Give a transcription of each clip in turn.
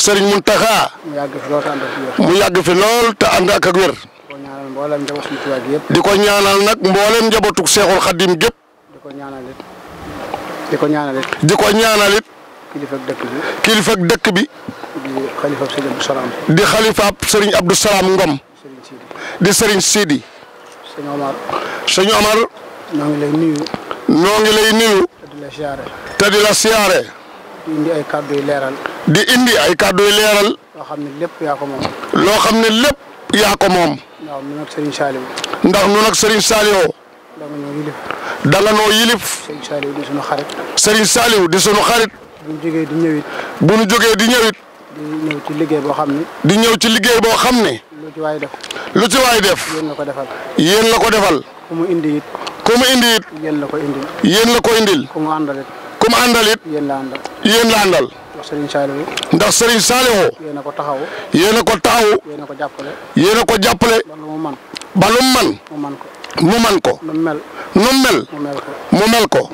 sëriñ Muntaxa mu yàgg fi lool te ànd ak ak di ko ñaanal nag mboolem njabootu Seexul Xadim gépp. di ko ñaanal it. di ko ñaanal it. kilifa dëkk bi. dëkk bi. di xalifaab sëriñ Abdou di xalifaab sëriñ Abdou Ngom. di sëriñ Sidi. sëñ Omar. sëñ lay nuyu. noo la di la siyaare. di indi ay kàddu yu leeral. di indi ay kàddu yu leeral. loo xam ne lépp yaa ko moom. loo xam ne lépp yaa ko moom. ndax ñun ak Serigne Saliou. ndax ñun ak Serigne Saliou. da nga noo yilif. da nga noo yilif. Serigne di sunu xarit. Serigne Saliou di sunu xarit. bu nu jógee di ñëwit. bu di ñëwit. ci liggéey boo xam ne. di ñëw ci liggéey boo xam ne. lu ci waay def. lu ci waay def. yéen la ko defal. yéen la ko defal. ku mu indi it. ku indi it. yéen la ko indil. yéen la ko indil. ku mu àndal it. ku mu yéen la àndal. ndax Serigne Saliou. ndax Serigne Saliou. a ko taxaw. yéen ko taxaw. yéen a ko jàppale. yéen ko jàppale. ba lu mu man. ba lu mu man. ko. mu man ko. nu mel. nu mel. mu mel ko. mu mel ko.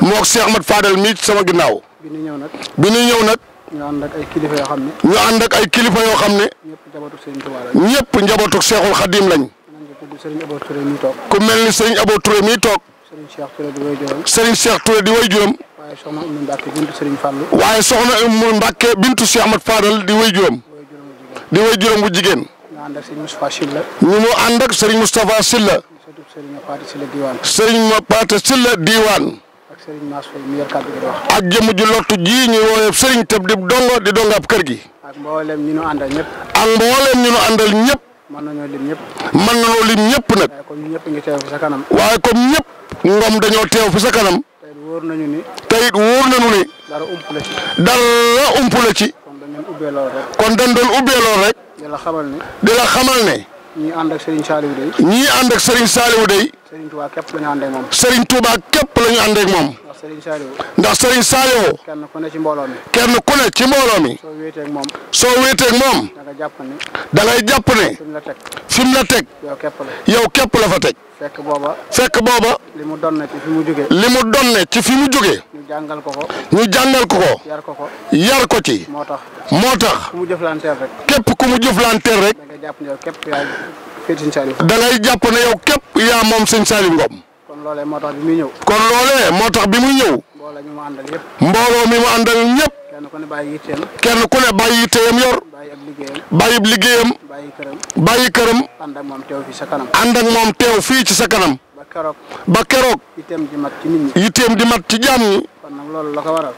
moog Cheikh Ahmad Fadel mii ci sama ginnaaw. bi ñu ñëw nag. bi ñu ñëw nag. ñu ànd ak ay kilifa yoo xam ne. ñu ànd ak ay kilifa yoo xam ne. ñëpp njabootu Serigne Touba lañ. ñëpp njabootu Cheikhul Khadim lañ. ku mel ni Serigne Abo Touré mii toog. Serigne Cheikh Touré di way juróom. waaye soxna Umu Mbàkke bintu Serigne Fallou. waaye soxna Umu Mbàkke bintu Cheikh Ahmad Fadal di way juróom. di way juróom bu jigéen. ñu ànd ak Serigne Moustapha Sylla. ñu mu ànd ak Serigne Moustapha lottu ji ñu woowee Teb di dongo di dongo ab kër gi. ak mboolem ñu nu àndal ñëpp. ak mboolem ñu nu àndal ñëpp. mën nañoo lim ñëpp. mën nañoo lim ñëpp nag. waaye comme ñëpp ngi teew dañoo teew fi sa wóor nañu ni. tey wóor nañu ni. dara ump la ci. dara ump ci. kon dañ doon ubbee rek. kon dañ doon ubbee rek. di la xamal ne. ne. ñii ànd ak Serigne Saliou dey. ñii ànd Serigne Saliou dey. Serigne Touba képp la ñu ànd moom. Serigne Touba képp la ñu ànd ak moom. ndax Serigne Saliou. ndax Serigne Saliou. kenn ku ne ci mbooloo mi. kenn ku ne ci mbooloo mi. soo wéeteeg moom. soo wéeteeg moom. da jàpp ne. da ngay jàpp ne. la teg. fi mu la teg. képp la. yow képp la fa teg. fekk booba. fekk booba. li mu donne ci fi mu jógee. li ci fi mu jógee. ñu jàngal ko ko. ñu jàngal ko ko. yar ko ko. yar ko ci. moo tax. moo tax. ku mu jëflanteel rek. képp ku mu jëflanteel rek. da ngay jàpp ne képp yaa da ngay jàpp ne yow képp yaa moom sëñ Saliou Ngom. kon kon loolee moo tax bi muy ñëw. mbooloo mi mu àndal ñëpp. mbooloo mi mu àndal ñëpp. kenn ku ne bàyyi yitteem. kenn ku ne bàyyi yitteem yor. bàyyi ab liggéeyam. bàyyi ab liggéeyam. bàyyi këram. bàyyi moom teew fii sa kanam. ànd ak moom teew fii ci sa kanam. ba keroog. ba keroog. yitteem di mat ci di mat ci jaam ñi. kon nag loolu la ko waral.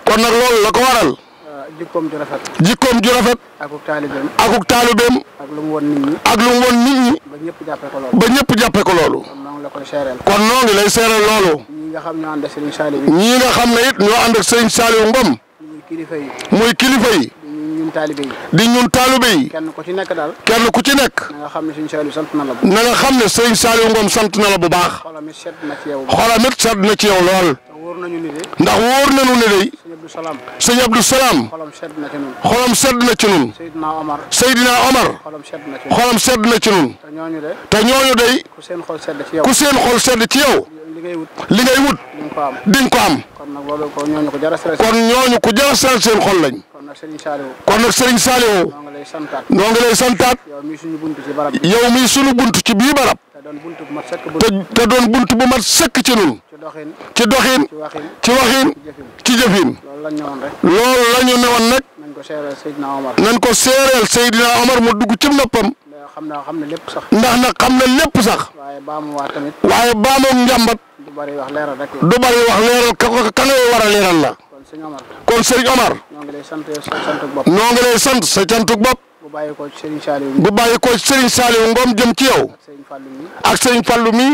ko waral. jikkoom ju rafet. jikkoom ju rafet. akuk taalibeem. akuk taalibeem. ak lu mu woon nit ñi. ak lu ba ñëpp jàppee ko loolu. ba ñëpp jàppee ko loolu. kon noonu la koy seereel. kon noonu lay loolu. ñii nga xam na ànd ak Serigne Saliou. ñii nga xam ne it ñoo ànd ak Ngom. muy kilifa yi. ñun taalibe yi. di ñun taalibe yi. kenn ku ci nekk daal. kenn ku ci nekk. na nga xam ne sëñ Saliou sant na la. na nga xam ne sëñ Saliou Ngom sant na la bu baax. xolam it sedd na ci yow. xolam it sedd na ci yow lool. wóor nañu ni de. ndax wóor nañu ni de. sëñ Abdou Salaam. Salaam. xolam sedd na ci ñun. xolam sedd Seydina Omar. xolam sedd na ci ñun. xolam sedd na ku seen xol sedd ci yow. li ngay wut. li ko am. kon nag loolu kon a sell seen xol lañ nag Serigne Saliou. kon nag Serigne Saliou. noo ngi lay santaat noo ngi lay suñu buntu ci bii barab. te doon buntu bu mat sëkk ci ñun. ci doxin ci doxin. ci waxin ci jëfin. loolu la rek. loolu ko seereel Seydina Omar. nañ dugg ci noppam. xam naa xam na lépp sax. ndax nag xam na lépp sax. waaye baamuwaat tamit. waaye baamoog njàmbat. du bari wax leeral rek la. du bari wax leeral ka ko ka ngay war a leeral la. kon sëñ Omar. kon sa cantuk bopp. bu bàyyi ko Serigne Saliou. bu bàyyi ko Serigne Saliou Ngom jëm ci yow. ak Serigne Fallou mi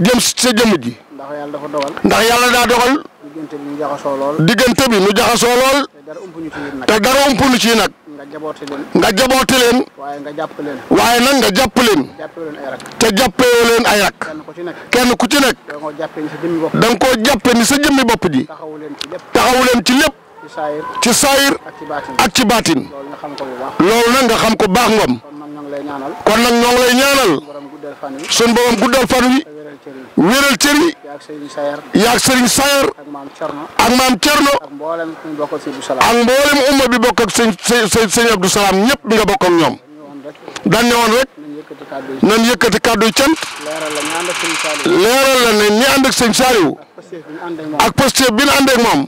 jëm si sa jëm ji. ndax yàlla dafa dogal. ndax yàlla daa dogal. diggante bi nu jaxasoo lool. diggante bi nu jaxasoo lool. te dara umpuñu ci nag. nga jaboote leen. nga jaboote leen. waaye nga jàpp leen. waaye nag nga jàpp leen. te jàppee leen ay rak. kenn ku ci nekk. kenn ku ci nekk. da nga koo jàppee ni sa jëmmi bopp ji. taxawu leen ci lépp. ci saayir ak ci baatin loolu nag nga xam ko baax ngom kon nag ñoo ngi lay ñaanal sun borom guddal fan wi wéral cër yi yaag sëriñ sayar ak maam Cerno ak mboolem umma bi bokk ak sëñ sëñ sëñ Abdou ñëpp bi nga bokk ak ñoom dañ ne woon rek nan yëkkati kàddu yi cant leeral la ne ñi ànd ak sëñ Saaliw ak posture bi ñu ànd moom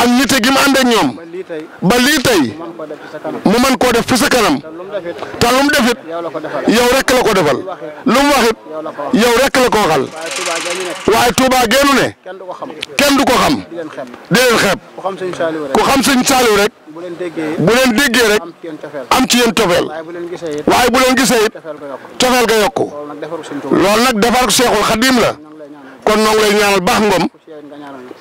ak nite gi mu ñoom ba lii tey koo def fi sa kanam defit yow rek la ko defal lu waxit yow rek la ko waxal waaye Touba geenu ne kenn ko xam di leen xeeb xam sëñ Saaliw rek bu leen rek am ci yéen cofeel waaye bu leen gisee ga yokku loolu nag defar ko Seexul Xadiim la. kon noo ngi lay ñaanal baax ngom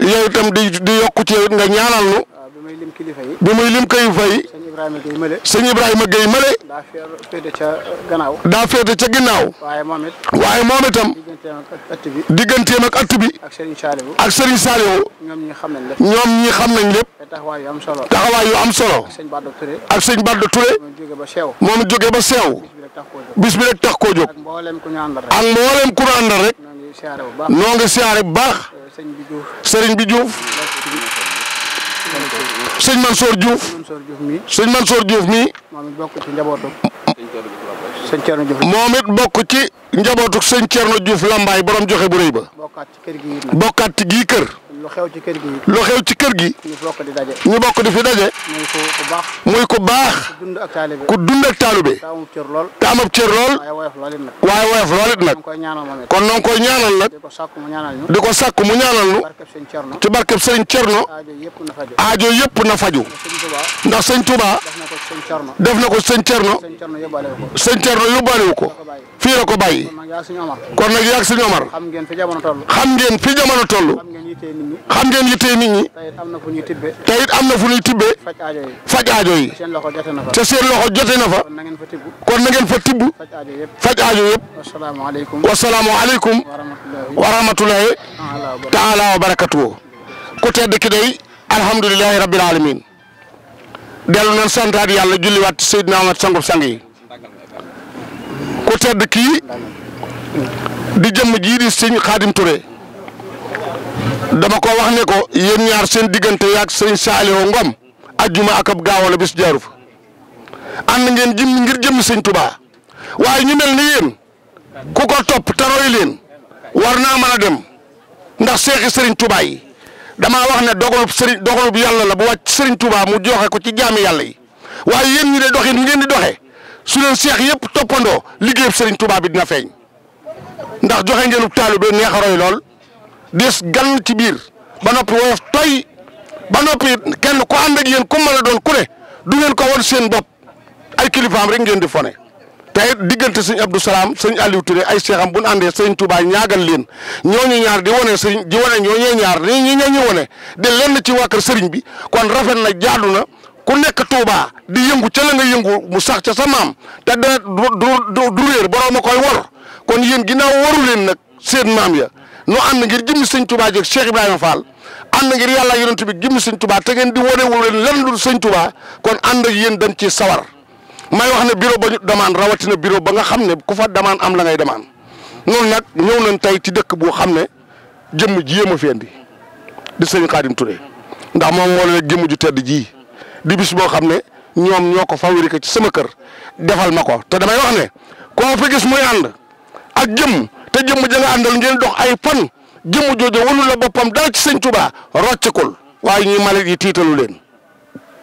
yow itam di di yokku ci yow it nga ñaanal nu bi muy lim kilifa yi bi muy lim kilifa yi sëñ Ibrahima Gueye Mële sëñ ma Gueye Mële daa féete ca gannaaw daa ca ginnaaw waaye moom waaye moom itam digganteem ak ëtt bi ak Serigne Saliou ak Serigne Saliou ñoom ñi xam nañ lépp ñoom xam nañ lépp taxawaay yu am solo taxawaay yu am solo ak sëñ Badou Touré ak sëñ Badou Touré moom jóge ba seew bis bi rek tax koo jóg ak mboolem ku ñu àndal rek noo ngi siyaare bu baax euh, sëriñ bi Diouf sëñ Mansour Diouf sëñ Mansour Diouf mii moom it bokk ci njabootu sëñ Thierno Diouf Lambaay boroom joxe bu rëy ba. bokkaat gii kër. lu xew ci kër gi. lu xew ci kër gi. ñu bokk di daje. ñu bokk di fi daje. muy ku baax. muy ku baax. ku dund ak taalibe. ku dund ak taalibe. te amab cër lool. te amab cër lool. waaye woyof loolit nag. waaye woyof loolit nag. kon noo ngi koy ñaanal nag. di ko sàkku mu ñaanal ñu. di ko sàkku mu ñaanal ñu. ci barkeb sëñ Thierno. aajo yëpp na faju ndax sëñ Touba. def na ko sëñ Thierno. def na ko sëñ Thierno. sëñ Thierno yóbbaale wu ko. fii ko bàyyi kon nag yaag suñu Omar xam ngeen fi jamono toll xam ngeen xam ngeen yittee nit ñi tey am na fu ñuy tibbee tey it am na fu ñuy tibbee faj aajo yi seen loxo jote na fa te seen loxo na fa kon na ngeen fa tibb faj aajo yëpp wasalaamaaleykum wa rahmatulahi taala wa barakatuhu ku tedd ki day alhamdulilahi rabbil alamin dellu nan santaat yàlla julliwaat Seydina Ahmad sangub sang ku tedd kii di jëmm jii di sëñ Xaadim Touré dama ko wax ne ko yéen ñaar seen diggante yaag sëñ Saalihu Ngom ajjuma ak ab gaaw la bis jaaru fa ànd ngeen jëm ngir jëmm sëñ Touba waaye ñu mel ni yéen ku ko topp taroy leen war naa mën a dem ndax seexi sëriñ Touba yi damaa wax ne dogalub sëriñ dogalub yàlla la bu wàcc sëriñ tubaa mu joxe ko ci jaami yàlla yi waaye yéen ñi de doxin ngeen di doxee. su leen seex yëpp toppandoo liggéeyub sëriñ Touba bi dina feeñ ndax joxe ngeenub taalu bee neex a roy lool des gan ci biir ba noppi woyof toy ba noppi kenn ku ànd ak yéen ku mën a doon ku ne du ngeen ko wan seen bopp ay kilifaam rek ngeen di fone te it diggante sëñ Abdou Salaam sëñ Aliou Touré ay seexam bu ñu àndee sëñ Touba ñaagal leen ñooñu ñaar di wone sëñ di wane ñooñu ñaar ñi ñi ñu wane di lenn ci waa sëriñ bi kon rafet na jaadu na. ku nekk Touba di yëngu ca la nga yëngu mu sax ca sa maam te da du du réer borom a koy wor kon yéen ginnaaw waru leen nag seen maam ya nu ànd ngir jëmmi sëñ Touba jëg Cheikh Ibrahima Fall ànd ngir yàlla yonent bi jëmmi sëñ Touba te ngeen di wonewul leen lan lu sëñ Touba kon ànd ak yéen dem ci sawar may wax ne bureau ba ñu demande rawatina bureau ba nga xam ne ku fa demande am la ngay demande noonu nag ñëw nañ tey ci dëkk boo xam ne jëmm ji yéem a fi di sëñ Xaadim Touré ndax moom moo leen jëmm ju tedd ji di bis boo xam ne ñoom ñoo ko fabriqué ci sama kër defal ma ko te damay wax ne ko fi gis muy ànd ak jëmm te jëm ja nga àndal ngeen dox ay fan jëmm jooju wëlu la boppam dara ci sëñ Tuubaa roccikul waaye ñi malit yi tiitalu leen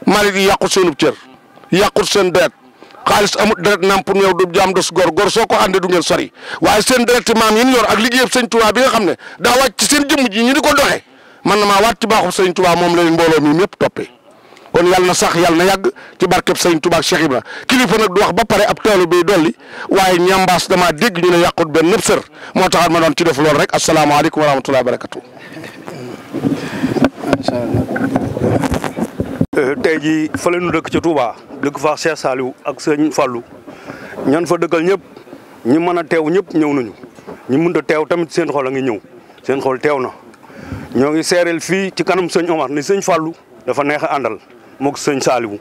malit yi yàqut seenub cër yàqut seen deret xaalis amut deret namp néew du jaam dos gor gor soo ko àndee du ngeen sori waaye seen deret maam yi ñu yor ak liggéeyam sëñ Tuubaa bi nga xam ne daa wàcc ci seen jëm ji ñu di ko doxee man na maa waat ci baaxub sëñ Tuubaa moom la leen mbooloo ñëpp toppee kon yàlla na sax yàlla na yàgg ci barkeb sëñ Tuubaa ak Cheikh Ibra kilifa nag du wax ba pare ab toolu bi dolli waaye ñambaas damaa dégg ñu ne yàqut benn nëb sër moo taxaat ma doon ci def loolu rek asalaamaaleykum wa rahmatulah barakatu. Euh, tey jii fa la ñu dëkk ci tubaa dëkk fa Cheikh Saliou ak sëñ Fallou ñan fa dëkkal ñëpp ñi mën a teew ñëpp ñëw nañu ñu mënut a teew tamit seen xool a ngi ñëw seen xool teew na ñoo ngi seereel fii ci kanam sëñ Omar ni sëñ Fallou dafa neex a àndal. mook sëñ Saaliwu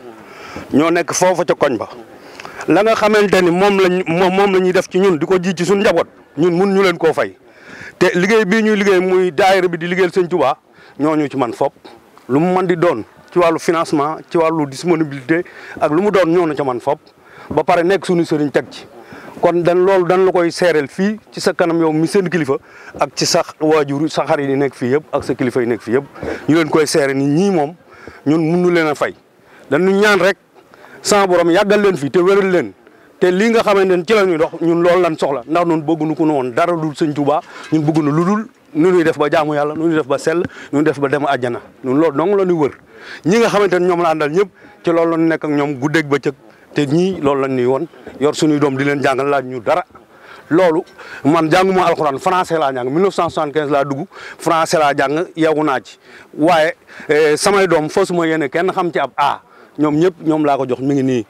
ñoo nekk foofa ca koñ ba la nga xamante ni moom lañ moom la ñuy def ci ñun di ko ji ci suñu njaboot ñun mun ñu leen koo fay te liggéey bii ñuy liggéey muy daayira bi di liggéeyal sëñ ñoo ñu ci man fopp lu mu mën di doon ci wàllu financement ci wàllu disponibilité ak lu mu doon ñoo na ca man fopp ba pare nekk suñu sëriñ teg ci kon dan loolu dan la koy seereel fii ci sa kanam yow mi seen kilifa ak ci sa waajur sa xarit yi nekk fii yëpp ak sa kilifa yi nekk fii yëpp ñu leen koy seere ni ñii moom ñun munu leen a fay da dañu ñaan rek sans borom yàggal leen fi te wéral leen te lii nga xamante ne ci la ñuy dox ñun loolu lan soxla ndax ñun bëgguñu ko woon dara dul sëñ Tuubaa ñun bëgguñu lu dul nu ñuy def ba jaamu yàlla nu def ba sell nu def ba dem àjjana ñun loolu dong la ñuy wër ñi nga xamante ne ñoom la àndal ñëpp ci lool la ñu nekk ak ñoom guddeeg bëccëg te ñii loolu lan ñuy woon yor suñuy doom di leen jàngal laaj ñu dara loolu man jànguma alxuraan français cent jàng 1975 laa dugg français laa jàng yeewu naa ci waaye eh, samay doom fasuma yéene kenn xam ci ab a ñoom ñëpp ñoom laa ko jox mi ngi nii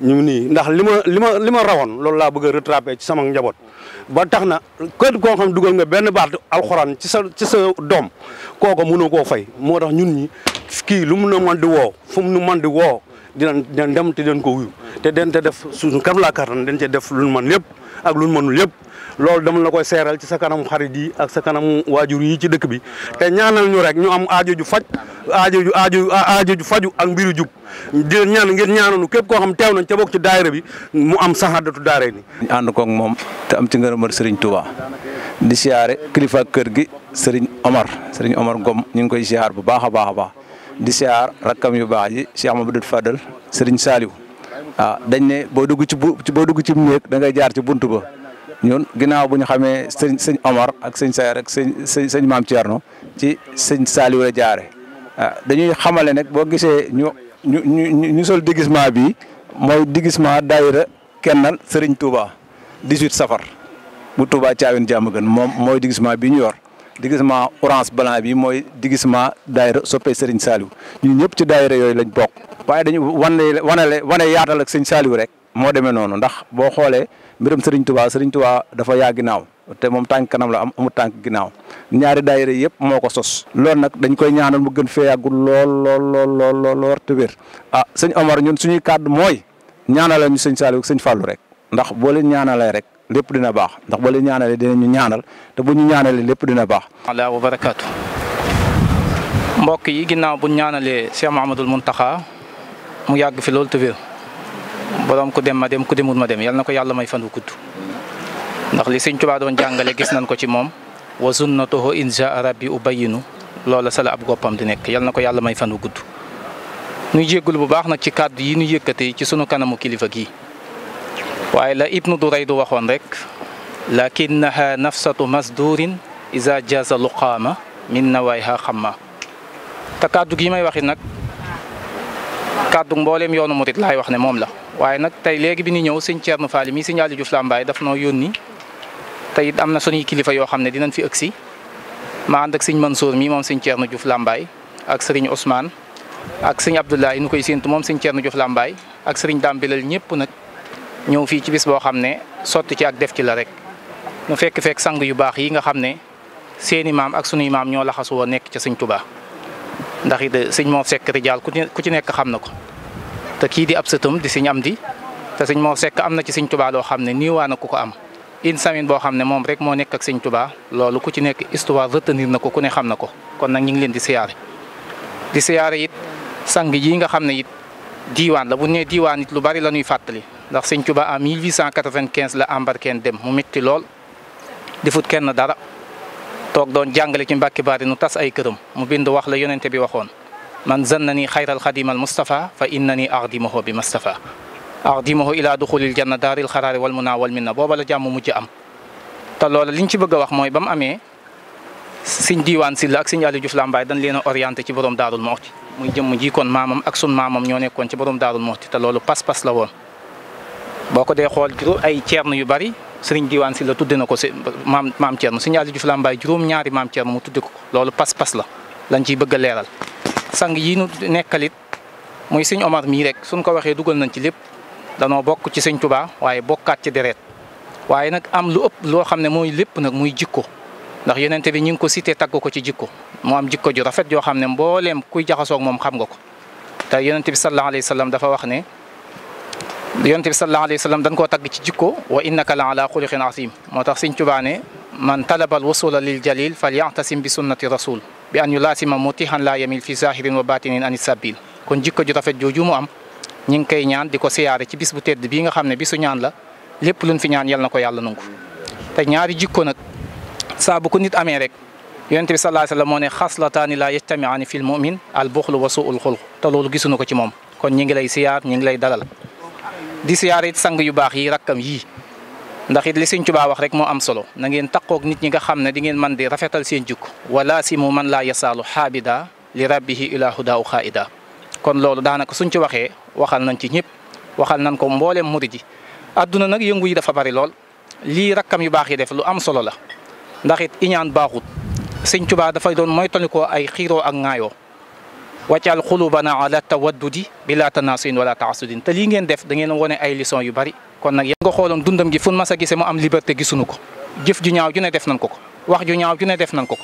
ñu nii ndax li ma li ma li ma rawoon loolu laa bëgg a rattrapé ci sama njaboot ba tax na képp koo xam dugal nga benn baat alxuraan ci sa ci sa doom kooku mënoo koo fay moo tax ñun ñi kii lu mu na man di woo fu nu man di woo dinañ dinañ dem te den ko wuyu te den te def suñu kam laa kàttan den ce def lu man lépp ak lu mënul yëpp loolu dama la koy seeral ci sa kanamu xarit yi ak sa kanamu waajur yi ci dëkk bi te ñaanal ñu rek ñu am aajo ju faj aajo ju aajo aajo ju faju ak mbiru jub di ñaan ngeen ñaananu képp koo xam teew nañ ca bokk ci daayira bi mu am saxaadatu daara ni ñu ànd koog moom te am ci ngërëmal Serigne Touba di siyaare kilifa kër gi sëriñ Omar sëriñ Omar Ngom ñu ngi koy siyaar bu baax a baax a baax di siyaar rakkam yu baax yi bu Mamadou Fadal Serigne Saliou waaw ah, dañ ne boo dugg ci bu boo dugg ci néeg dangay jaar ci buntu ba ñun ginnaaw bu ñu xamee sëñ sëñ Omar ak sëñ Sayar ak sëñ sëñ sëñ Maam Thierno ci sëñ Saliou jaare ah, dañuy xamale nag boo gisee ñu ñu ñu ñu sol déguisement bi mooy déguisement daayira kennal seriñ Touba 18 safar bu Touba Thiawène Diamaguène moom mooy déguisement bi ñu yor. diggisement orange blanc bi mooy diggisement daayira soppee sëriñ Saliou ñun ñëpp ci daayira yooyu lañ bokk waaye dañu wane wane wane yaatal ak sëñ Saliou rek moo demee noonu ndax boo xoolee mbirum sëriñ Touba sëriñ Touba dafa yaa te moom tànk kanam la am amul tànk ginnaaw ñaari daayira yëpp moo ko sos loolu nag dañ koy ñaanal mu gën fee yàggul lool lool lool lool lool te wér ah sëñ Omar ñun suñuy kàddu mooy ñaanalal ñu sëñ Saliou ak sëñ Fallou rek ndax boo leen ñaanalee rek lépp dina baax ndax ba la ñaanalee dinañu ñaanal te bu ñu ñaanalee lépp dina baax. alaa wa barakaatu mbokk yi ginnaaw bu ñaanalee Cheikh Mouhamadoul taxa mu yàgg fi loolu te wér borom ku dem ma dem ku demul ma dem yal na ko yàlla may fan wu gudd ndax li Sëñ gis nañ ko ci moom wa sunnatuhu in jaa rabbi ubayyinu loola ab goppam di nekk yal na ko yàlla may fan wu gudd. bu baax nag ci kàddu yi ñu yëkkatee ci sunu kanamu kilifa gi waaye la ibnu Durayd waxoon rek lakinnaha nafsatu masdurin isa jaza luqaama min nawayha xamma te kàddu gi may waxi nag kàddu mboolem yoonu murit laay wax ne moom la waaye nag tey léegi bi ñu ñëw sëñ Thierno Fall mii sëñ Aliou Diouf Lambaye daf noo yónni te it am na suñuy kilifa yoo xam ne dinañ fi ëgsi ma ànd ak sëñ Mansour mii moom sëñ Thierno Diouf Lambaye ak sëriñ Ousmane ak sëñ Abdoulaye nu koy séentu moom sëñ Thierno Diouf Lambaye ak sëriñ Dambilal ñëpp nag ñëw fii ci bis boo xam ne sotti ci ak def ci la rek mu fekk fekk sang yu baax yi nga xam ne seeni maam ak sunuy maam ñoo laxasu woon nekk ca sëñ Tuubaa ndax it eh, sëñ Mor Seck rijaal ku ci ku ci nekk xam na ko te kii di ab sëtam di sëñ di te sëñ Mor sekk am na ci sëñ tubaa loo xam ne nii na ku ko am une semaine boo xam ne rek moo nekk ak sëñ loolu ku ci nekk histoire retenir na ko ku ne xam na ko kon nag ñu ngi leen di siyaare di siyaare it sang yi nga xam ne it diiwaan la bu ñu nee diiwaan it lu bari la ñuy fàttali ndax sëñ Tuba en 1895 la embarqué dem mu métti lool defut kenn dara toog doon jàngale ci Mbàkke Baari nu tas ay këram mu bind wax la yonente bi waxoon man na zannani xayral xadimal Mustafa fa na ni innani ardimahu bi Mustafa ardimahu ila duxulil janna daaril xaraari wal muna wal minna booba la jàmm mujj am te loola liñ ci bëgg wax mooy ba mu amee siñ diiwaan si la ak siñ Aliou Diouf Lambaye dañ leen a ci borom daarul moxti muy jëmm ji kon maamam ak sun maamam ñoo nekkoon ci borom daarul moxti te loolu pas-pas la woon boo ko dee xool juróom ay ceern yu bari sëriñ diiwaan si la tudde na ko si maam maam ceern siñ Aliou Diouf Lambaye juróom ñaari maam ceern mu tudde ko loolu pas-pas la lañ ciy bëgg a leeral sang yi nu nekkalit muy siñ Omar mii rek suñ ko waxee dugal nañ ci lépp danoo bokk ci sëñ Tuubaa waaye bokkaat ci deret waaye nag am lu ëpp loo xam ne mooy lépp nag muy jikko ndax yonent bi ñu ngi ko cité tagg ko ci jikko mu am jikko ju rafet yoo xam ne mbooleem kuy jaxasoog moom xam nga ko te yonent bi sallallahu alayhi wa sallam dafa wax ne yonent bi sallallahu alayhi wa sallam dañ koo tagg ci jikko wa innaka la ala xuluqin azim moo tax Sëñ Tuubaa man talaba al wusula lil jalil falyatasim bi sunnati rasul bi an yulasima mutihan la yamil fi zahirin wa batinin an sabil kon jikko ju rafet jooju mu am ñu ngi koy ñaan di ko siyaare ci bis bu tedd bii nga xam ne bisu ñaan la lépp luñ fi ñaan yal na ko yàlla nangu te ñaari saa bu ko nit amee rek yonent bi sallallahu alayhi wasallam moo ne xaslataani laa yajtamiaani fil mu'min al buxlu wa suul xulq te loolu gisuñu ko ci moom kon ñi ngi lay siyaar ñi ngi lay dalal di siyaar it sang yu baax yi rakkam yii ndax it li Sëñ Tuubaa wax rek moo am solo nangeen ngeen taqoog nit ñi nga xam ne di ngeen man di rafetal seen jukk wala si mu man laa yasaalu xaabida li rabbihi ilaa hudaaw xaa'ida kon loolu daanaka suñ ci waxee waxal nañ ci ñëpp waxal nañ ko mboolem murid ji adduna nag yëngu yi dafa bari lool lii rakkam yu baax yi def lu am solo la ndax it iñaan baaxut sëñ Tuubaa dafay doon ko ay xiiroo ak ŋaayoo wàccal xulubana ala tawaddudi bi la tanasin wala taasudin te lii ngeen def da ngeen wone ay leçon yu bari kon nag yéen nga xooloon dundam gi fu mas a gise mu am liberté gisuñu ko jëf ju ñaaw ju ne def nañ ko ko wax ju ñaaw ju ne def nañ ko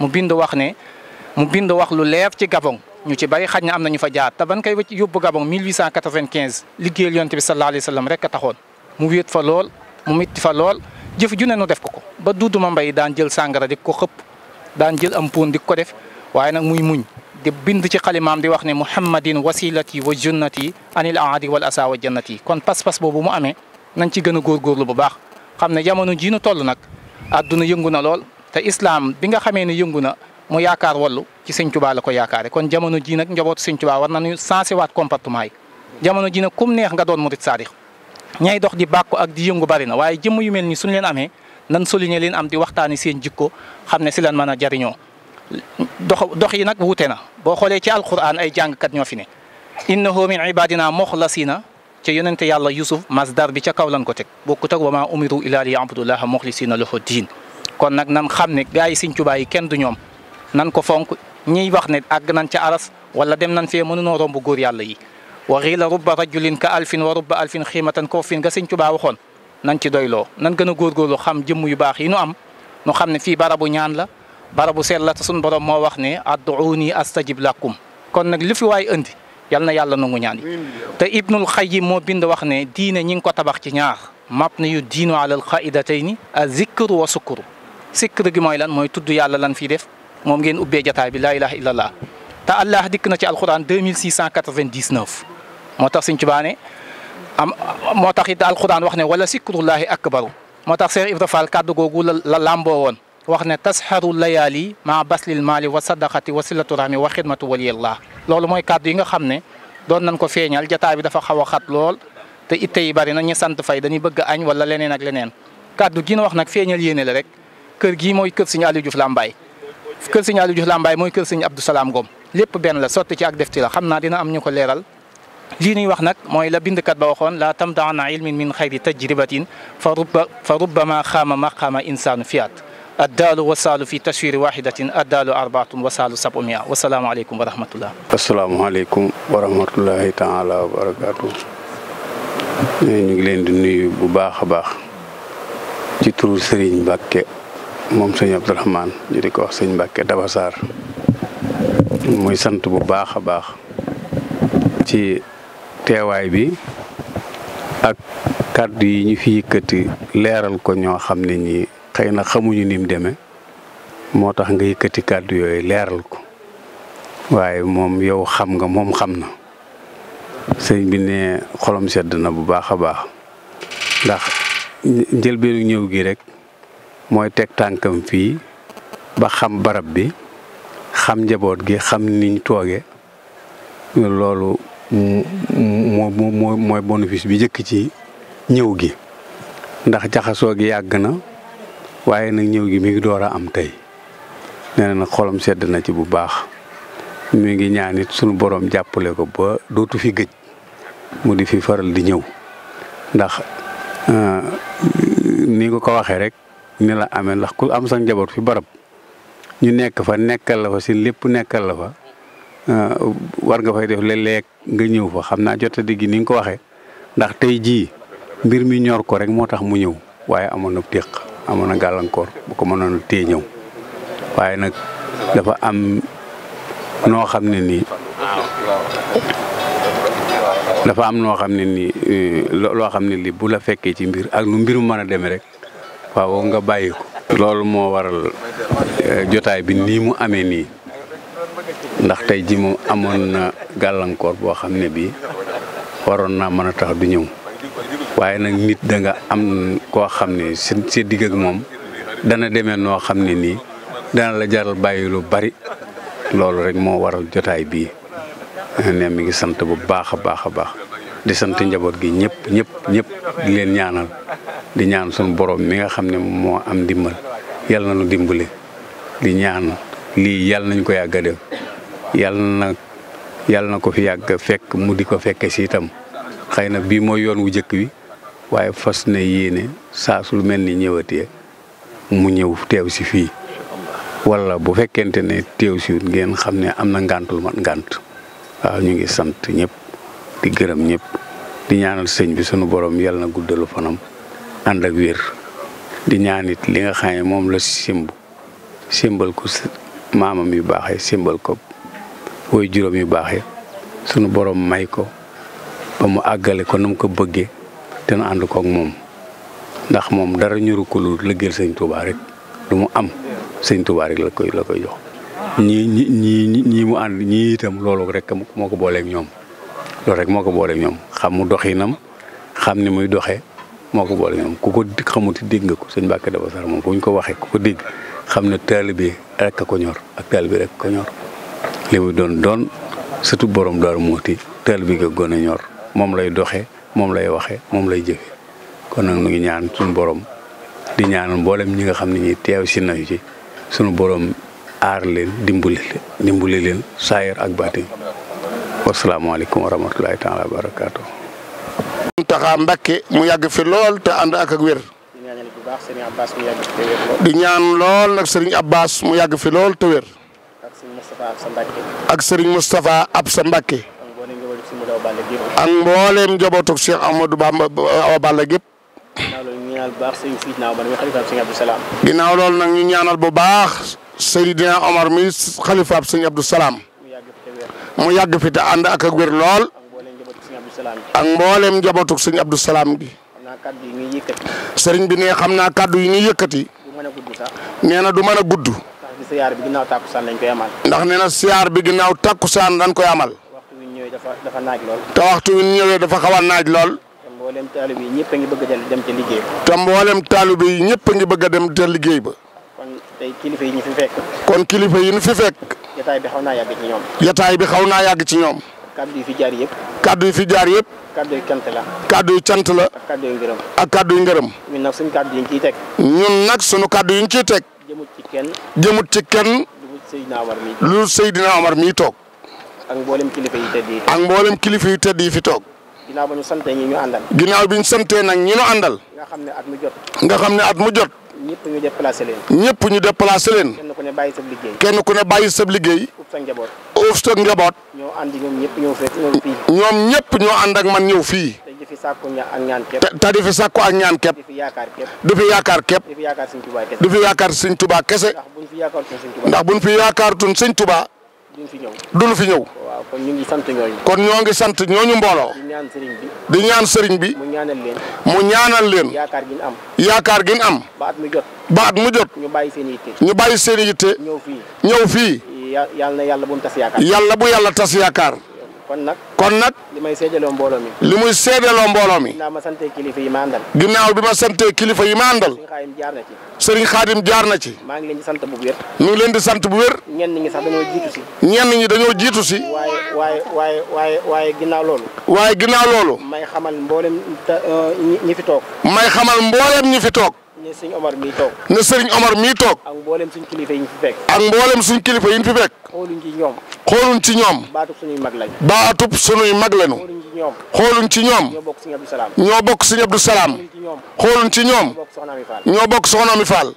mu bind wax ne mu bind wax lu leer ci Gabon ñu ci bari xaj na am na ñu fa jaar te ban koy yóbbu Gabon 1895 liggéeyal yonent bi sallallahu alayhi wa sallam rek a taxoon mu wéet fa lool mu mitti fa lool jëf ju ne nu def ko ko ba Duuduma Mbay daan jël sàngara di ko xëpp daan jël am poon di ko def waaye nag muy muñ di bind ci xalimaam di wax ne muhammadin wasilati wa junnati anil aadi wal asa wa jannati kon pas-pas boobu mu amee nañ ci gën a góorgóorlu bu baax xam ne jamono jii nu toll nag adduna yëngu na lool te islam bi nga xamee ne yëngu na mu yaakaar wallu ci sëñ Tuubaa la ko yaakaare kon jamono jii nag njabootu sëñ Tuubaa war nañu sensé waat comportement yi jamono jii nag kum neex nga doon murit saadix ñay dox di bàkku ak di yëngu bari na waaye jëmm yu mel ni suñ leen amee nan souligner leen am di waxtaani seen jikko xam ne si lan mën a jariñoo dox dox yi nag wuute na boo xoolee ci alquran ay jàngkat ñoo fi ne innahu min ibadina moxlasina ca yonente yàlla yusuf masdar bi ca kaw lan ko teg boo bokkut ak wa maa umiru ila li yabdullaha moxlisina lahu diin kon nag nan xam ne gars yi Sëriñ Tuubaa yi kenn du ñoom nan ko fonk ñiy wax ne àgg nañ ca aras wala dem nañ fee mënunoo romb góor yàlla yi wa xiila rubba rajulin ka alfin wa rubba alfin xiimatan koofin ga sëñ Tuubaa waxoon nan ci doyloo nan gën a góorgóorlu xam jëmm yu baax yi nu am nu xam ne fii bu ñaan la bara bu seet la te suñ borom moo wax ne adduuni astajib lakum kon nag li fi waay andi yal na yàlla nangu ñaan yi te Ibnul Xayyim moo bind wax ne diine ñi ngi ko tabax ci ñaar mabni yu diinu alal qaidatayni a zikru wa sukru sikr gi mooy lan mooy tudd yàlla lan fii def moom ngeen ubbee jataay bi laa ilaha illallah te Allah dikk na ci alquran moo tax Sëñ Tuubaa ne am moo tax it alquran wax ne wala sikrullahi akbaru moo tax Seex Ibra Faal kàddu googu la làmboo woon wax ne tasxaru layaali maa baslil maali wa sadaqati wa silatu rahmi wa xidmatu waliyallah loolu mooy kàddu yi nga xam ne doon nañ ko feeñal jataa bi dafa xaw a xat lool te itte tey bari na ñu sant fay dañuy bëgg añ wala leneen ak leneen kàddu gi na wax nag feeñal yéene la rek kër gii mooy kër Sëñ Aliou Diouf Lambaye kër Sëñ Aliou Diouf Lambaye mooy kër Sëñ Abdou Salaam Ngom lépp benn la sotti ci ak defti la xam naa dina am ñu ko leeral lii ñuy wax nag mooy la bindkat ba waxoon la tamtaana ilmin min xayri tajribatin fa rubba fa rubbama xaama maqaama insaanu fiyaat addaalu wasaalu fi taswiri wahidatin addaalu arbaatun wasaalu sabumia wasalaamualeykum wa rahmatullah asalaamualeykum wa rahmatullahi taala wa barakaatu ñu ngi leen di nuyu bu baax a baax ci turu Serigne Mbacke moom sëñ Abdourahmane ñu di ko wax sëñ Mbacke Dabasaar muy sant bu baax a baax ci teewaay bi ak kàddu yi ñu fi yëkkati leeral ko ñoo xam ne ñi xëy na xamuñu ni deme moo tax nga yëkkati kàddu yooyu leeral ko waaye moom yow xam nga moom xam na sëñ bi ne xolom sedd na bu baax a baax ndax njëlbeenu ñëw gi rek mooy teg tànkam fii ba xam barab bi xam njaboot gi xam niñ tooge loolu moo moo mooy bénéfice bi njëkk ci ñëw gi ndax jaxasoo gi yàgg na waaye nag ñëw gi mi ngi door am tey nee na xolam sedd na ci bu baax mu ngi ñaanit sunu boroom jàppale ko ba dootu fi gëj mu di fi faral di ñëw ndax euh, ni nga ko waxee rek ni la amee ndax ku am sa njaboot fi barab ñu nekk fa nekkal la fa si lépp nekkal la fa. Euh, war nga fay def léeg-léeg nga ñëw fa xam naa jot a dégg ni nga ko waxee ndax tey jii mbir mi ñor ko rek moo tax mu ñëw waaye amoon na téq amoon na gàllankoor bu ko mënoon téye ñëw waaye nag dafa am noo xam ne nii dafa am noo xam ne nii euh, loo xam ne li bu la fekkee ci mbir ak nu mbir mu mën a demee rek waaw nga bàyyi ko. loolu moo waral euh, jotaay bi nii mu amee nii. ndax tey ji moom amoon na gàllankoor boo xam ne bii waroon naa mën a tax du ñëw waaye nag nit danga am koo xam ne sa sa digg ak moom dana deme noo xam ne nii dana la jaral bàyyi lu bari loolu rek moo waral jotaay bii ne mi ngi sant bu baax a baax a baax di sant njaboot gi ñëpp ñëpp ñëpp di leen ñaanal di ñaan suñu borom mi nga xam ne moo am dimbal yàlla na nu dimbali di ñaan lii yàlla nañ ko yàgg a def yàlla na yàlla na ko fi yàgg fekk mu di ko fekke si itam xëy na bii mooy yoon wu njëkk wi waaye fas na yéene saa su mel ni ñëwatee mu ñëw teew si fii wala bu fekkente ne teew si ngeen xam ne am na ngàntul mat ngànt waaw ñu ngi sant ñépp di gërëm ñëpp di ñaanal sëñ bi sunu borom yàlla na guddalu fanam ànd ak wér di ñaan it li nga xam moom la simb simbal ko maamam yu baaxee simbal ko woy juróom yu baax ya sunu borom may ko ba mu àggale ko na mu ko bëggee te nu ànd kook moom ndax moom dara ñuru ko lu lëggeel sëñ Touba rek lu mu am sëñ Touba rek la koy la koy jox. ñii ñii ñii mu ànd ñii itam loolu rek moo ko booleeg ñoom loolu rek moo ko booleeg ñoom xam mu doxinam xam ni muy doxee moo ko booleeg ñoom ku ko xamuti dégg nga ko sëñ Mbàkke dafa sar moom bu ñu ko waxee ku ko dégg xam ne taalibe rek a ko ñor ak taalibe rek ko ñor. li mu doon doon boroom daal Daaru Muxti teel bi nga gën a ñor moom lay doxee moom lay waxe moom lay jëfe kon nag ñu ngi ñaan suñu boroom di ñaan mboolem ñi nga xam ne ñi teew si nañu ci suñu borom aar leen dimbali leen leen saayir ak baatin wasalaamaaleykum wa rahmatulahi taala wa barakaatu. Muntaxa Mbakke mu yàgg fi lool te ànd ak ak wér. di ñaan lool nag Serigne Abbas mu yàgg fi lool te wér. ak Serigne Moustapha Absa Mbacké ak mbooleem njabootug Cheikh Ahmadou bu baax Seydina Omar mi xalifaab sëñ Abdou Salaam mu yàgg fi te ànd ak ak wér lool ak mbooleem njabootug sëñ Abdou Salaam gi bi ne xam naa kàddu yi ñuy yëkkati nee du mën a gudd siyaar bi ginnaaw tàkkusaan lañ koy amal. ndax nee te a mboolem taalib yi ñëpp a ngi bëgg a dem ca ba. te mboolem taalib yi ñëpp a ngi a dem ca liggéey ba. kon tey kilifa yi ñu fi fekk. kon kilifa yi ñu fi fekk. jataay bi xaw naa yàgg ci ñoom. jataay bi xaw naa yàgg ci ñoom. kaddu yi fi jaar la. kaddu yu cant la. ak kaddu yu ngërëm. ak kaddu yu ngërëm. ñun nag suñu kaddu teg. ñun nag suñu kaddu yi ñu ciy teg. jëmut ci kenn. jëmut ci kenn. lu Seydina Omar mii toog ak mboolem kilifa yu tedd yi. ak mboolem kilifa yu tedd fi toog. ginnaaw bi ñu santee ñi ñu àndal. ginnaaw bi ñu santee ñi ñu àndal. nga xam ne at mu jot. nga xam ne at mu jot. ñëpp ñu déplacé leen. ñëpp ñu déplacé leen. kenn ku ne bàyyi sab liggéey. kenn ku ne bàyyi sab liggéey. uuf sa njaboot. uuf sa njaboot. ñoo ànd ñoom ñëpp ñoo ànd man ñëw fii. sàkku ak ñaan képp te di fi sàkku ak ñaan képp. du fi yaakaar képp. du fi yaakaar képp. du fi yaakaar Sëñ Tuubaa kese. du fi yaakaar Sëñ Tuubaa kese. ndax buñ fi yaakaarutoon Sëñ Tuubaa. ndax buñ fi yaakaarutoon kon ñu sant ñooñu. kon di ñaan sëriñ bi. mu ñaanal leen. mu ñaanal am. yaakaar ba at mu jot. ba at mu ñu bàyyi seen i yitte. ñu bàyyi seen i yitte. ñëw fii. ñëw fii. yàlla na yàlla bu mu tas yaakaar. kon nag kon nag. li may seedaloo mbooloo mi. li muy seedaloo mbooloo mi. ginnaaw ma sante kilifa yi ma àndal. ginnaaw bi ma sante kilifa yi ma àndal. Serigne Khadim jaar na ci. Serigne Khadim jaar na ci. maa ngi leen di sant bu wér. ñu ngi leen di sant bu wér. ñenn ñi sax dañoo jiitu si. ñenn ñi dañoo jiitu si. waaye waaye waaye waaye waaye ginnaaw loolu. waaye ginnaaw loolu. may xamal mboolem uh, ñi fi toog. may xamal mboolem ñi fi toog. ne sëriñ Omar mii toog. ne sëriñ Omar mii toog. ak mboolem suñ kilifa yi ñu fi fekk. ak mboolem suñ kilifa yi ñu fi fekk. xooluñ ci ñoom. xooluñ ci ñoom. baatub suñuy mag lañu. baatub suñuy mag lañu. ci ñoo bokk sëriñ Abdou Salaam. ñoo bokk sëriñ Abdou Salaam.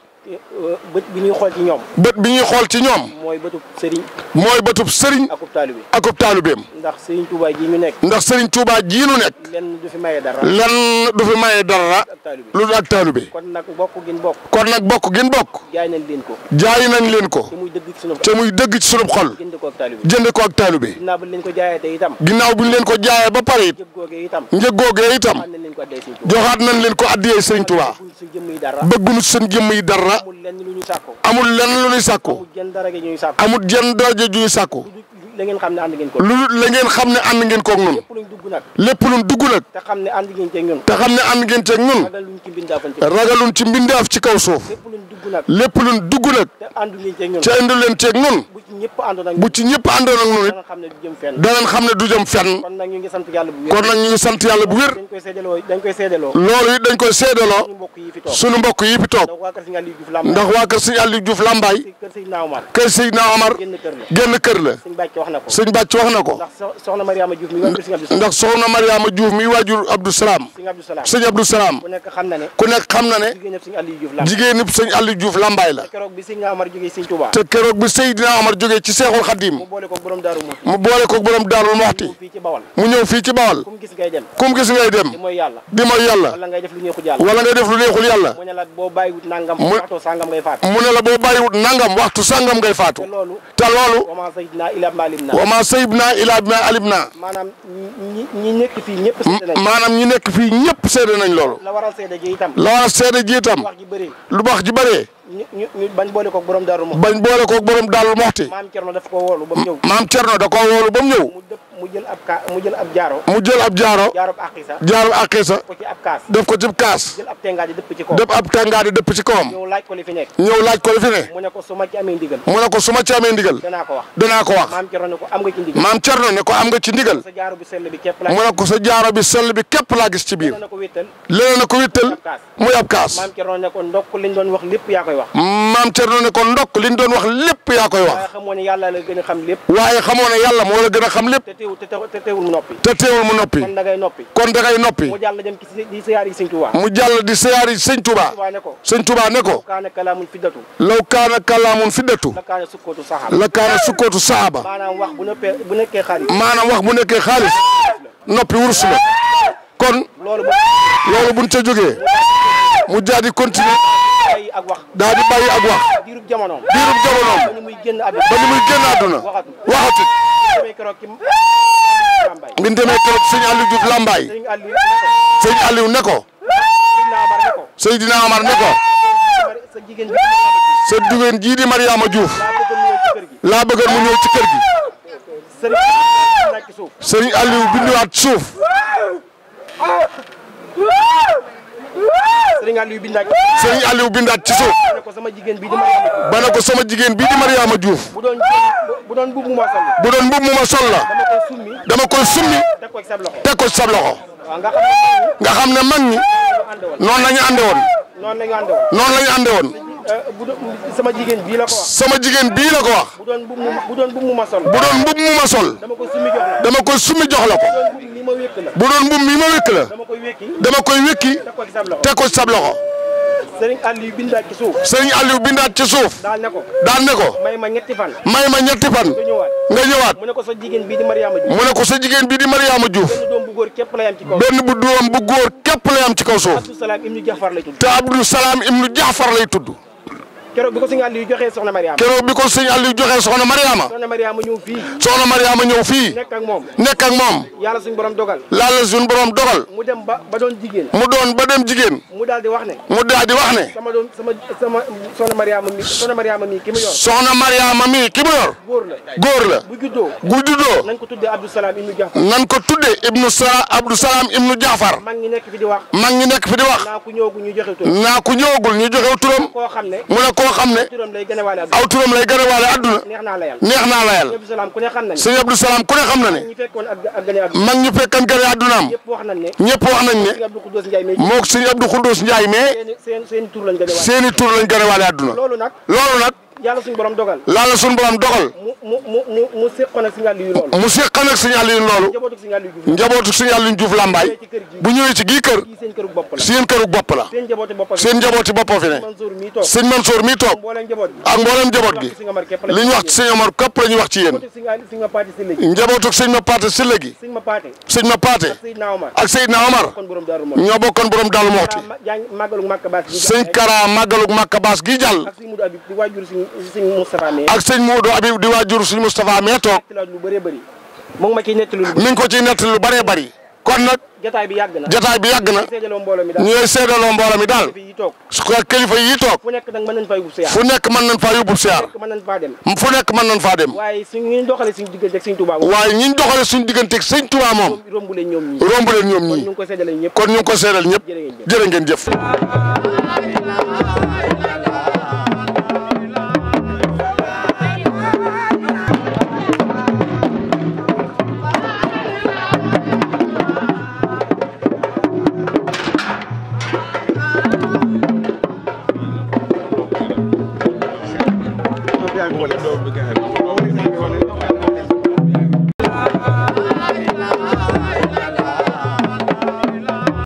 bët bi ñuy xool ci ñoom. bët bi ñuy xool ci ñoom. mooy bëtub sëriñ. mooy bëtub sëriñ. akub taalibeem akub taalibeem. ndax sëriñ Touba jii ñu nekk. ndax sëriñ Touba jii ñu nekk. lenn du fi maye dara. lenn du fi maye dara. lu dul ak taalibe. kon nag bokk gin bokk. kon nag bokk gin bokk. jaay nañ leen ko. jaay nañ leen ko. te muy dëgg ci sunu xol. dëgg ci xol. jënd ko ak taalibe. jënd ko ak taalibe. ginnaaw bi ñu leen ko jaayee te itam. ginnaaw bi ñu leen ko jaayee ba pare it. njëg googee itam. joxaat nañ leen ko addiyee sëriñ Touba. bëgguñu seen jëmm yi dara amul lenn lu ñuy sàkku. amul lenn lu ñuy sàkku. amul jenn daraja ju ñuy sàkku. la ngeen xam ne ànd ngeen ko lu la ngeen xam ne ànd ngeen koog ñun lépp luñ dugg nag te xam ne ànd ngeen teeg ñun te ci mbindaaf ci kaw suuf lépp luñ dugg nag lépp luñ dugg nag bu ci ñëpp àndoon ak bu ñëpp àndoon xam ne du jëm fenn kon nag ñu ngi sant yàlla bu wér kon nag ñu ngi sant yàlla bu wér dañ koy seedaloo dañ koy seedaloo loolu it dañ koy seedaloo suñu mbokk yi fi toog ndax waa kër Serigne Aliou Diouf Lambaye kër Seydina Omar génn kër la wax na ko sëñ Bàcc wax na ko ndax soxna Mariama Diouf mi waajur ndax soxna Mariama Diouf mi waajur Abdou Salaam sëñ Abdou Salaam ku nekk xam na ne ku nekk xam na Lambaay la te keroog bi Seydina Omar jógee sëñ ci Seexul Xadim mu mu boole koog borom Daaru Muxti mu ñëw fii ci Bawal kum gis ngay dem di mooy yàlla wala ngay def lu neexul yàlla wa ma sayibna ila bima alimna maanaam ñi nekk fii ñëpp maanaam ñi nekk fii ñëpp seede nañ loolu la waral seede ji itam la waral seede ji itam lu wax ji bëree bañ boole koog borom daaru moxti bañ boole koog borom daaru moxti maam Cerno daf ko woolu ba ñëw maam Cerno da koo woolu ba ñëw mu jël ab ka mu jël ab jaaro. mu jël ab jaaro. akisa. def ko ci kaas. def ab tàngaay di dëpp ci kawam. ñëw laaj ko li fi nekk. mu ne ko su ma ci amee ndigal. mu ne ko su ci amee ndigal. mu ne ko sa jaaro bi sell bi képp laa ci biir. leneen na ko ko wéttal. muy ab kaas. maam Cerno ne ko ndokk liñ doon wax lépp yaa koy wax. waaye xamoo ne yàlla moo la gën a xam lépp. teewul te teewul mu noppi. te teewul mu noppi. kon dangay noppi. kon dangay noppi. mu jàll dem di siyaari sëñ Tuubaa. mu jàll di siyaari sëñ Tuubaa. sëñ law kaana kalaamun fiddatu. law kaana sukkootu saxaaba. maanaam wax bu nekkee xaalis. noppi wurus kon. loolu bu loolu ca jógee. mu jaadi continuer. ak wax daa di diirub jamonoom ba ni muy génn àdduna ba ni muy génn àdduna waxatu bi keroog sëñ Aliou Diouf Lambaay sëñ Aliou ne ko Seydina Amar ne ko sa jigéen jii di Mariama Diouf laa bëggoon mu ñëw ci kër gi sëñ Aliou bindiwaat suuf Serigne Aliou Bindaat. Serigne Aliou Bindaat ci suuf. ba ne ko sama jigéen bii di Mariama. ba ne ko sama jigéen bii di Mariama Diouf. bu doon bu doon mbubb mu la. bu la. dama koy summi. dama koy summi. ko sa loxo. ko ci sa loxo. nga xam ne mag ñi. noon la ñu ànde woon. noonu la ñu ànde woon. bu doon sama jigéen bii la ko wax. sama jigéen bii la ko wax. bu doon mbubb mu bu doon mu ma sol. bu doon mbubb mu sol. dama ko summi jox la dama ko summi jox la ko. bu doon mbubb mi ma la. dama koy wékki dama koy wékki teg ko ci sab loxo. Sëriñ Aliou bindaat ci suuf. Sëriñ Aliou bindaat ci suuf. daan ne ko. daan ne ko. may ma ñetti fan. may ma ñetti fan. nga ñëwaat. mu ne ko sa jigéen bii di Mariama Diouf. mu ne ko sa jigéen bii di Mariama Diouf. benn doom bu góor képp lay am ci kaw. benn bu doom bu góor képp lay am ci kaw suuf. te Abdou Salam Ibnu Jaafar lay tudd. te Abdou Salam Ibnu Jaafar lay tudd. keroog bi ko sëñ Aliou joxee soxna Mariama keroog bi ko fii soxna Mariama ñëw fii nekk moom nekk ak moom dogal mu dem ba ba doon jigéen mu dem jigéen mu daal di wax ne mu daal di wax ne sama doom sama sama soxna Mariama mi soxna Mariama mi ki yor soxna Mariama mi ki la góor la bu juddoo ko tuddee Abdou Salam Ibnu Jaafar nañ Ibnu Sa Abdou Salam Ibnu Jaafar mag ñi nekk fi di wax mag ñi nekk fi di wax naa ku ñëwagul ñu ñu joxe turam mu ne ko koo xam ne aw turam lay gën a waale adduna neex naa layal sëñ Abdou Salaam ku xam na ne mag ñu fekkan gane addunaam ñëpp wax nañ ne moog sëñ Abdou Khoudous Ndiaye mais seeni tur lañ gën a waale adduna loolu nag yàlla suñu borom dogal. yàlla suñu borom dogal. mu mu mu mu seqoon ak Serigne Aliou loolu. mu seqoon ak Serigne Aliou loolu. njabootu bu ñëwee ci gii kër. seen këru bopp la seen këru bopp la. ak mboolem njaboot gi. li ñu wax ci Serigne Omar képp la ñu wax ci yéen. njabootu Serigne ma paate ak Seydina Omar. ñoo bokkoon borom Daaru Muxti. Serigne Kara màggalug Makka Baas gi jàll. sëñ Moustapha mi ak Habib di waajur sëñ Moustapha mi toog lu ko ciy nettali lu bëree bëri kon bi na jotaay bi yàgg na ñooy seedaloo mbooloo mi daal ko kilifa yi toog fu nekk mën nañ faa yóbbu siyaar fu nekk mën nañ faa dem waaye ñu doxale suñu digganteeg sëñ Touba ñu doxale suñu ñoom ñii kon ñu ko seedal ñëpp jërë ngeen